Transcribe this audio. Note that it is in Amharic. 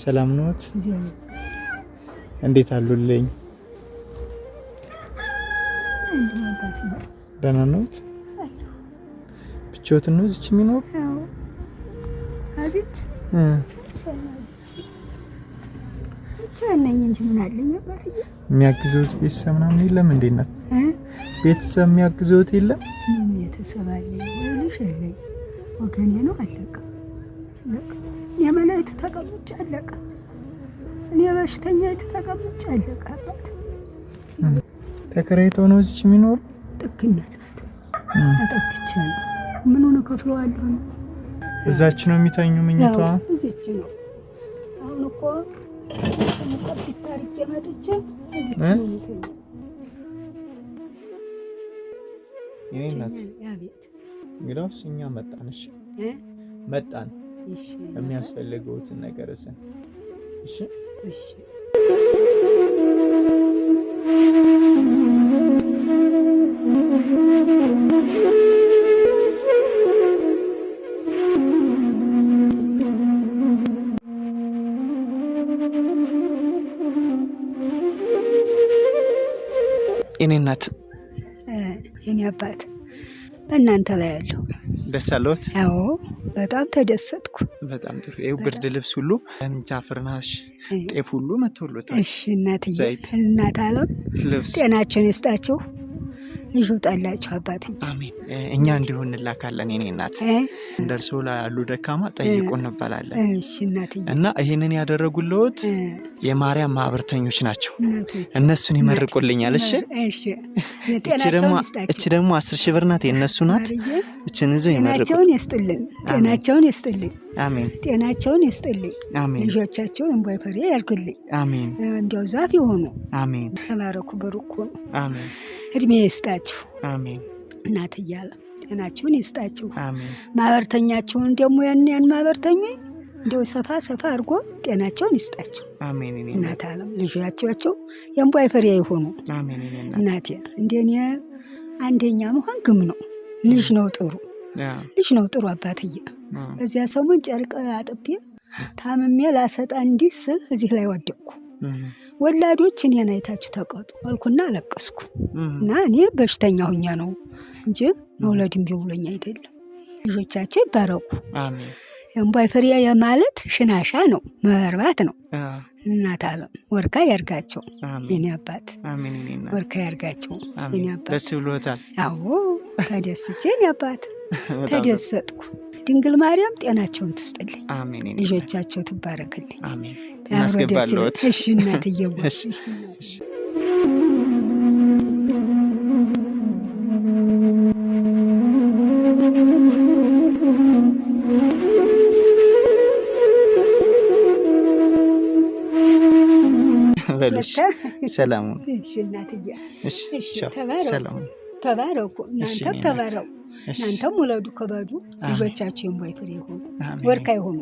ሰላም ኖት? እንዴት አሉልኝ? ደህና ኖት? ብቻዎትን ነው እዚች የሚኖር? የሚያግዘውት ቤተሰብ ምናምን የለም? እንዴት ናት? ቤተሰብ የሚያግዘውት የለም? ቤተሰብ አለኝ ወገኔ ነው አለቀ አለቀ። የበላይቱ ተቀምጬ አለቀ። እኔ በሽተኛይቱ ተቀምጬ አለቀ። አባት ተከራይቶ ነው እዚች የሚኖር ጥግነት ናት። አጠግቼ ነው ምን ሆነ እዛች ነው የሚተኙ ምኝቷ እዚች ነው። አሁን እኮ ሙቀቢት ታሪክ የመጥቼ እዚች ነው የሚተኙ ይህናት እንግዲያውስ እኛ መጣን፣ እሺ መጣን የሚያስፈልገውትን ነገር ስን እሺ የኔ እናት የኔ አባት በእናንተ ላይ ያለው ደስ አለሁት። አዎ በጣም ተደሰትኩ። በጣም ጥሩ። ይኸው ብርድ ልብስ ሁሉ ምንቻ፣ ፍርናሽ፣ ጤፍ ሁሉ መጥቶሎታል። እናትዬ እናት አለም ጤናቸውን ይስጣቸው። ይወጣላችሁ አባትኝ። አሜን። እኛ እንዲሁ እንላካለን። የኔ እናት እንደርሶ ላሉ ደካማ ጠይቁ እንባላለን እና ይህንን ያደረጉልዎት የማርያም ማህበርተኞች ናቸው። እነሱን ይመርቁልኛል። እሺ፣ እቺ ደግሞ አስር ሺህ ብር ናት። የእነሱ ናት። እችን ይዘው ይመርቁ። ጤናቸውን ይስጥልን። አሜን። ጤናቸውን ይስጥልኝ። አሜን። ልጆቻቸውን እንቧይ ፈሬ ያርግልኝ። አሜን። እንዲያው ዛፍ የሆኑ አሜን። ተባረኩ፣ በሩኩ አሜን። እድሜ ይስጣችሁ። አሜን። እናት እያለ ጤናችሁን ይስጣችሁ። አሜን። ማህበርተኛችሁን ደግሞ ያን ያን ማህበርተኛ እንዲያው ሰፋ ሰፋ አድርጎ ጤናቸውን ይስጣቸው። እናት አለም ልጆቻቸው የእንቧይ ፍሬ የሆኑ እናቴ እንደኔ አንደኛ መሆን ግም ነው። ልጅ ነው ጥሩ ልጅ ነው ጥሩ አባትዬ። እዚያ ሰሞን ጨርቅ አጥቤ ታምሜ ላሰጣ እንዲህ ስል እዚህ ላይ ወደቅኩ። ወላዶች እኔ ናይታችሁ ተቀጡ አልኩና አለቀስኩ። እና እኔ በሽተኛ ሁኛ ነው እንጂ መውለድም ቢውሎኝ አይደለም። ልጆቻቸው ይባረኩ። የእምቧይ ፍሬ ማለት ሽናሻ ነው፣ መርባት ነው። እናት አለም ወርካ ያርጋቸው የኔ አባት፣ ወርካ ያርጋቸው ደስ ብሎታል? አዎ ተደስቼ የኔ አባት ተደሰጥኩ። ድንግል ማርያም ጤናቸውን ትስጥልኝ፣ ልጆቻቸው ትባረክልኝ። እናስገባለት። እሺ እናትየው ሰላም ተባረኩ። እናንተም ተባረኩ። እናንተም ውለዱ፣ ከበዱ ልጆቻችሁን ቦይ ፍሬ ይሆኑ ወርካ ይሆኑ።